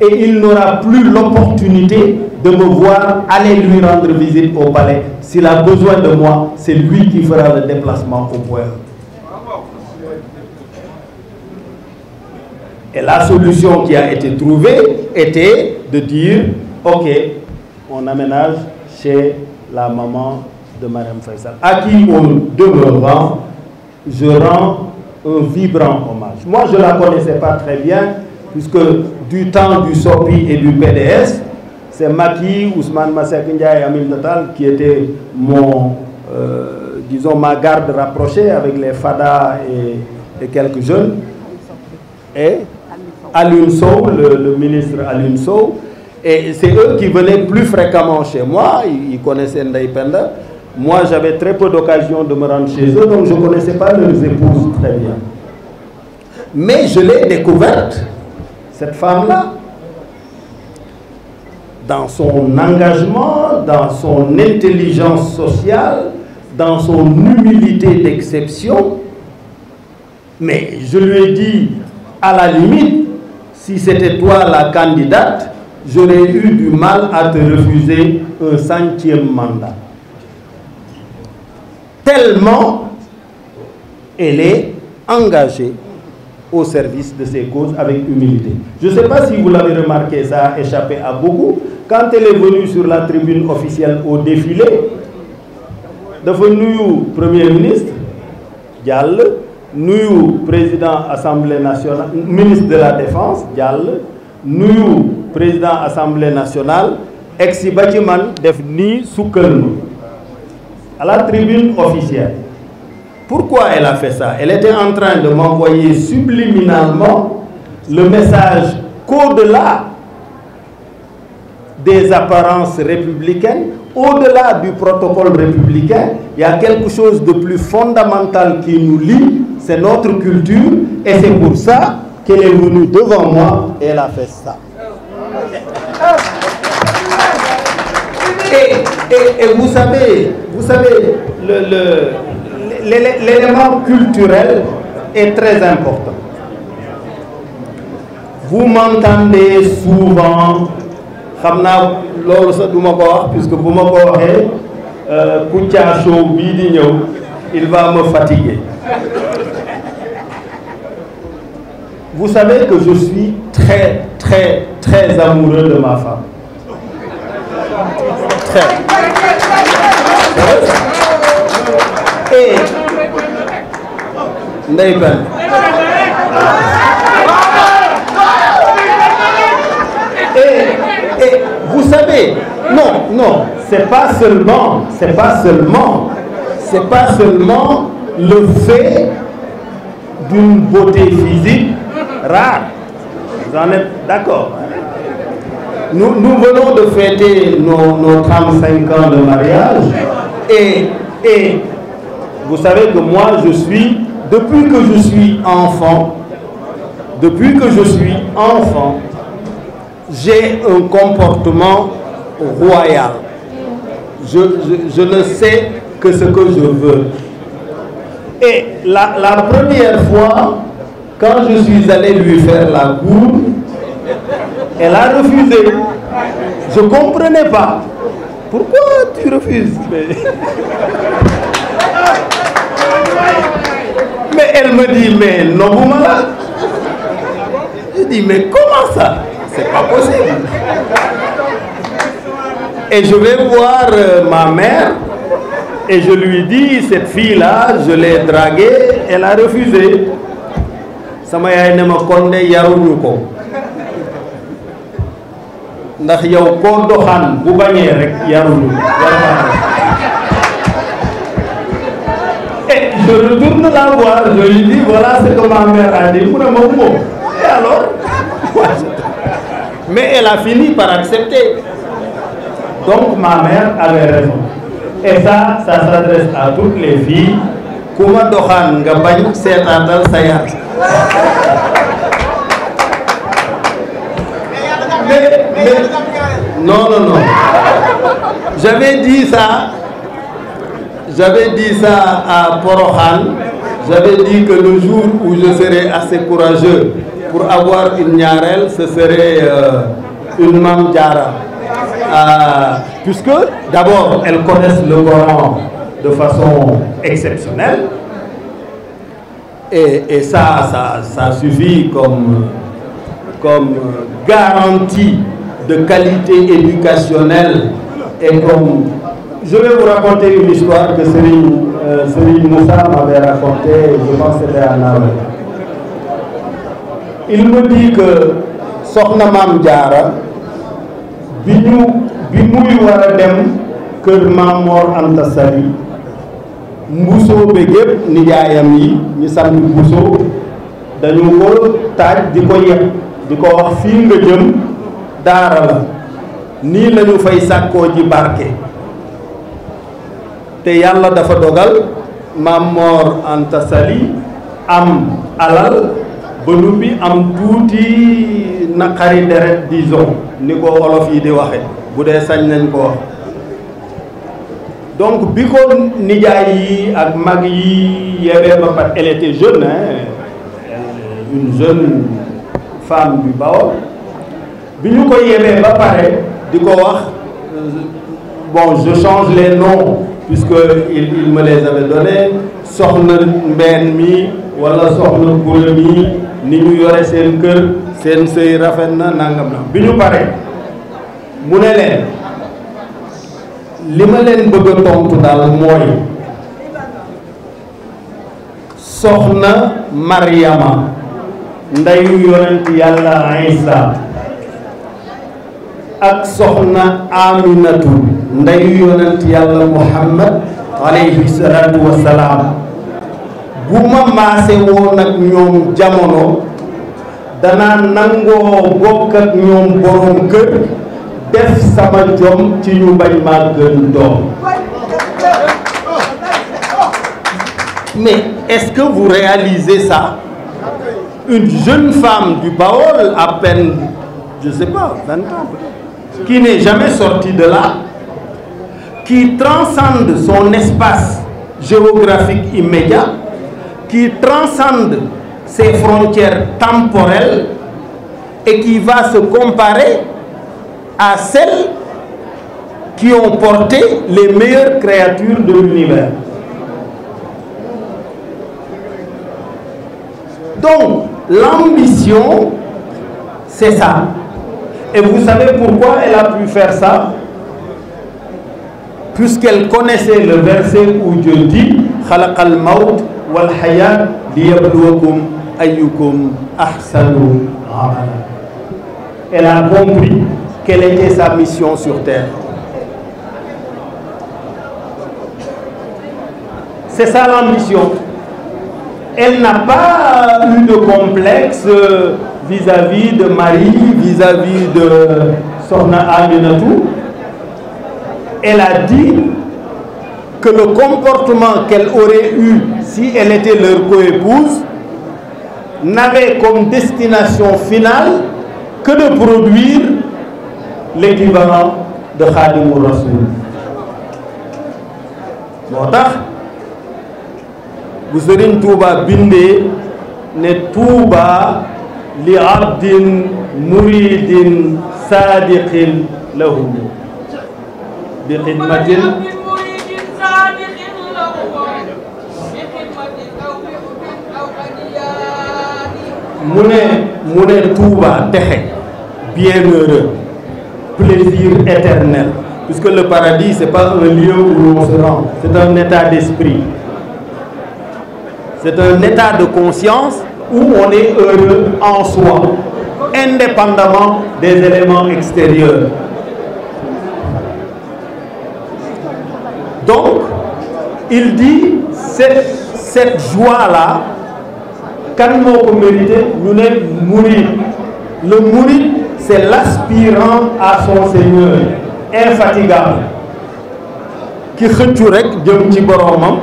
il n'aura plus l'opportunité de me voir aller lui rendre visite au palais. S'il a besoin de moi, c'est lui qui fera le déplacement au point. Et la solution qui a été trouvée était de dire, ok, on aménage chez la maman de Mme Faisal, à qui on demeurant, je rends un vibrant hommage. Moi, je la connaissais pas très bien, puisque du temps du SOPI et du PDS, c'est Maki, Ousmane Masek et Amil Natal qui étaient mon, euh, disons, ma garde rapprochée avec les FADA et, et quelques jeunes. Et Alun Sow, le, le, ministre Alun Sow. Et c'est eux qui venaient plus fréquemment chez moi, ils, ils connaissaient Ndaï Penda. Moi, j'avais très peu d'occasion de me rendre chez eux, donc je ne connaissais pas leurs épouses très bien. Mais je l'ai découverte cette femme-là, dans son engagement, dans son intelligence sociale, dans son humilité d'exception. Mais je lui ai dit, à la limite, si c'était toi la candidate, j'aurais eu du mal à te refuser un centième mandat. Tellement elle est engagée au service de ces causes avec humilité. Je ne sais pas si vous l'avez remarqué, ça a échappé à beaucoup. Quand elle est venue sur la tribune officielle au défilé, devenu Premier ministre, Diall, nuyu président Assemblée nationale, ministre de la Défense, Diall, nous, président Assemblée nationale, ex-Batiman, devenu Soukelmo, à la tribune officielle. Pourquoi elle a fait ça Elle était en train de m'envoyer subliminalement le message qu'au-delà des apparences républicaines, au-delà du protocole républicain, il y a quelque chose de plus fondamental qui nous lie, c'est notre culture, et c'est pour ça qu'elle est venue devant moi elle a fait ça. Et, vous savez, vous savez, le l'élément culturel est très important. Vous m'entendez souvent xam naa loolu sax du puisque bu ma ko waxee euh, Kouthia il va me fatiguer. Vous savez que je suis très très très amoureux de ma femme. ndey eh, eh, vous savez non non c'est pas seulement c'est pas seulement le fait d'une beauté physique rare vous en êtes d'accord nous venons de fêter nos nos 35 ans de mariage et et Vous savez que moi, je suis, depuis que je suis enfant, depuis que je suis enfant, j'ai un comportement royal. Je, je, je, ne sais que ce que je veux. Et la, la première fois, quand je suis allé lui faire la cour, elle a refusé. Je ne comprenais pas. Pourquoi tu refuses Mais elle me dit, mais non, vous malade. Je dis, mais comment ça C'est pas possible. Et je vais voir euh, ma mère et je lui dis, cette fille-là, je l'ai draguée, elle a refusé. sama yaay ne ma kon de ko ndax yow koo doxaan bu bañee rek yaruñu je retourne la voir, je lui voilà ce que ma mère a dit. Mu ne ma moom alors mais elle a fini par accepter. Donc ma mère avait raison. Et ça, ça s'adresse à toutes les filles. ku ma doxaan nga bañ seetaatal sa yar. mais non non non j'avais dit ça. J'avais dit ça à Porohan. J'avais dit que le jour où je serai assez courageux pour avoir une ñaareel, ce serait euh, une Mame Diarra. Euh, puisque d'abord, elles connaissent le Coran de façon exceptionnelle. Et, ça, ça, suffit comme garantie de qualité éducationnelle et comme je vais vous raconter histoire que Serigne euh, Serigne Moussa m'avait racontée, je pense que c'était à Naawel. Il me Soxna Maam Jaara bi ñu bi muy war dem kër Maam Mor mbusoo ba gépp nijaayam yi ñu sant mbusoo dañu ko taaj di ko yeb di ko wax fii nga jëm daara la nii lañu fay sàkkoo ji barke te yàlla dafa dogal maam Mor Anta Sali am alal ba nuppi am tuuti naqari deret disons ni ko olof yi di waxe bu dee sañ nañ ko wax donc bi ko nijaay yi ak mag yi yebee ba pat elle était jeune hein euh, une jeune femme du Baol bi ñu ko yebee ba pare di ko wax euh, bon je change les noms puisque il il me les avait donné soxna mbeen mi wala soxna gura mi ni ñu yore seen kër seen sëy rafet na nangam na bi ñu paree mu ne leen li ma leen bëgg a tontu daal mooy soxna Mariama ndeyu yonent yàlla Isa ak soxna aminatu ndeyu yonent yàlla muhammad alayhi salaatu wasalaam bu ma maase ak ñoom jamono danaa nangoo bokk ak ñoom borom kër def sama jom ci ñu bañ maa doom mais est vous réalisez ça une jeune femme du Baol à peine je sais pas qui n'est jamais sorti de là, qui transcende son espace géographique immédiat, qui transcende ses frontières temporelles et qui va se comparer à celles qui ont porté les meilleures créatures de l'univers. Donc, l'ambition, c'est ça. Et vous savez pourquoi elle a pu faire ça Puisqu'elle connaissait le verset où Dieu dit Khalaqal maut wal hayat liyabluwakum ayyukum Elle a compris quelle était sa mission sur terre. C'est ça l'ambition. elle n'a pas eu de complexe euh, vis-à-vis de Marie, vis-à-vis de Sorna Aminatou. Elle a dit que le comportement qu'elle aurait eu si elle était leur coépouse n'avait comme destination finale que de produire l'équivalent de Khadim Rasoul. bu sëriñ tuuba bindee ne tuuba li abdin muridin saadiqin lahu bi xidmatin mu ne mu ne tuuba texe bienheureux plaisir éternel puisque le paradis c'est pas un lieu où l'on se rend c'est un état d'esprit C'est un état de conscience où on est heureux en soi, indépendamment des éléments extérieurs. Donc, il dit, cette, joie-là, kan moo ko mérité ñu ne le murid c'est l'aspirant à son Seigneur infatigable ki xëccu rek jëm ci boroomam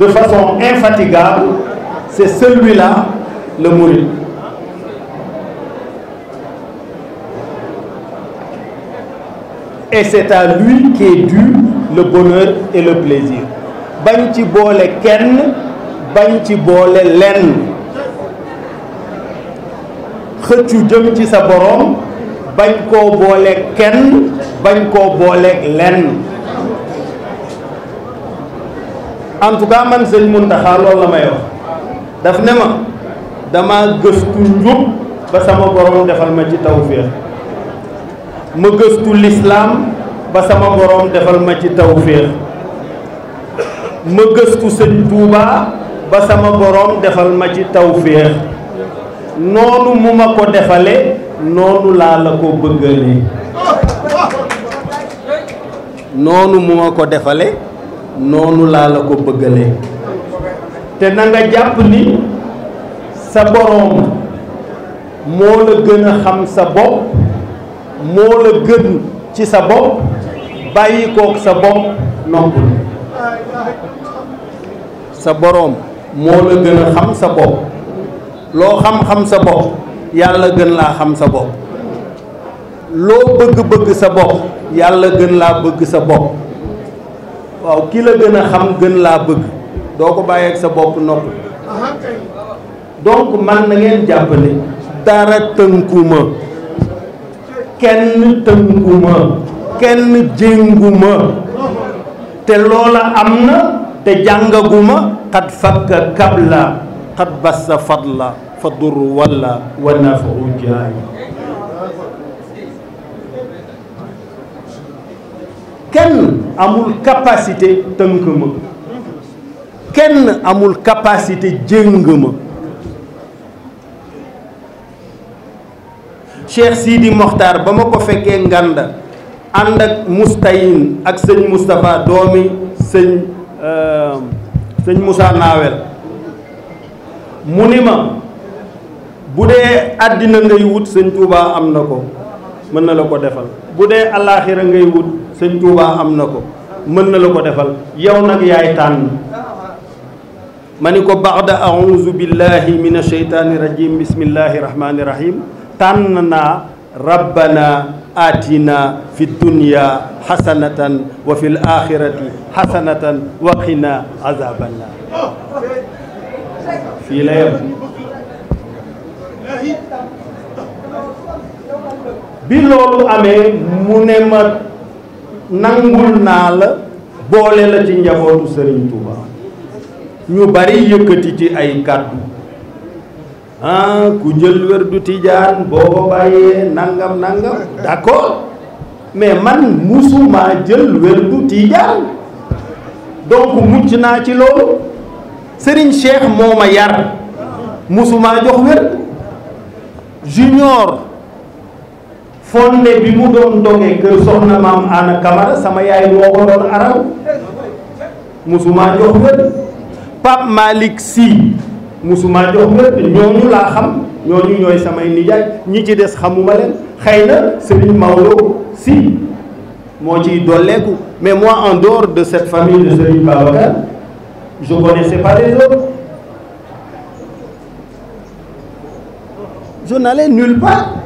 de façon infatigable, c'est celui la le mouride. Et c'est à lui qu'est le bonheur et le plaisir. bañ ci boole kenn bañ ci boole lenn xëccu jëm ci sa borom bañ koo boole kenn bañ koo boole lenn en tout cas man sëñ Muntaxa loolu la may wax daf ne ma dama gëstu njub ba sama borom defal ma ci tawféex ma gëstu lislaam ba sama borom ma ci tawféex ma gëstu sëñ Tuuba ba sama borom defal ma ci tawféex noonu mu ma ko defale noonu laa la ko bëggale noonu mu ma ko defale noonu laa la ko bëggalee te nanga nga jàpp ni sa boroom moo la gën a xam sa bopp moo la gën ci sa bopp bàyyi kook sa bopp noppul sa boroom moo la gën a xam sa bopp loo xam-xam sa bopp yàlla gën laa xam sa bopp loo bëgg-bëgg sa bopp yàlla gën laa bëgg sa bopp waaw kii la gën a xam gën laa bëgg doo ko bàyyeeg sa bopp nopp donc man na ngeen jàpp ne dara tënkuma kenn tënkuma kenn jénguma te loola am na te jàngaguma xat fakka kabla xat bassa fadla fa dur walla wa nafaru kenn amul capacité tënk ma kenn amul capacité jëng ma Cheikh Sidi Mokhtar ba ma ko fekkee nganda ànd ak Moustayin ak sëñ Moustapha doomi sëñ euh, sëñ Moussa Nawel mu ni ma bu dee àddina ngay wut sëñ Touba am na ko mën na la ko defal bu dee alaaxira ngay wut sëñ Touba am na ko mën na la ko defal yow nag yaay tànn ma ni ko baxda aouzu billahi min asheytaani rajim bismillahi rahmaani rahim tànn naa rabbana aatina fi dunya xasanatan wa fi l axirati xasanatan wa qina azaban naar fii la yem nangul naa la boole la ci njabootu Serigne Touba ñu bari yëkkati ci ay kàddu ah ku jël wér du tijaan boo ko bàyyee nangam nangam d'accord mais man musuma jël wér du tijaan donc mucc naa ci loolu sëriñ Cheikh moo ma yar musuma jox wér junior fonde bi mu doon dogee kër soxna maam Ana Kamara sama yaay moo ko doon aral musuma jox wér Pape Malick Sy musuma jox wér ñooñu laa xam ñooñu ñooy samay nijaay ñi ci des xamuma leen xëy na Serigne Maodo Sy moo ci dolleeku mais moi en dehors de cette famille de Serigne Babacar je connaissais pas les autres je n'allais part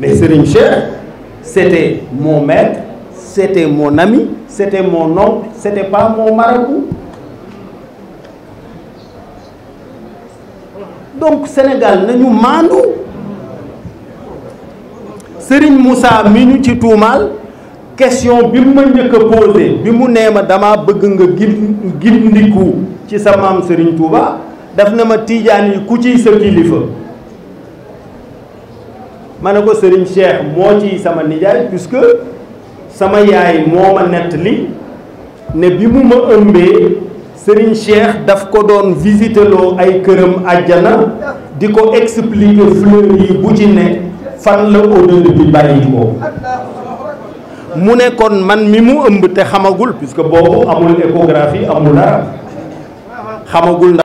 mais Serigne Cheikh c'était mon maître c'était mon ami c'était mon oncle c'était pas mon marabout donc Sénégal nañu maandu sëriñ Moussa mi ñu ci tuumaal question bi mu ma njëkk a bi mu nee ma dama bëgg nga gindiku ci sa maam Serigne Touba daf na ma tiijaan yi ku ciy sa kilifa ma ne ko Serigne Cheikh moo ci sama nijaay puisque sama yaay moo ma nett li ne bi mu ma ëmbee Serigne Cheikh daf ko doon visiteloo ay këram àjjana di ko expliquer fleur yi bu ci ne fan la odeur bi bàyyi ko mu ne kon man mi mu ëmb te xamagul puisque boobu amul échographie amul dara xamagul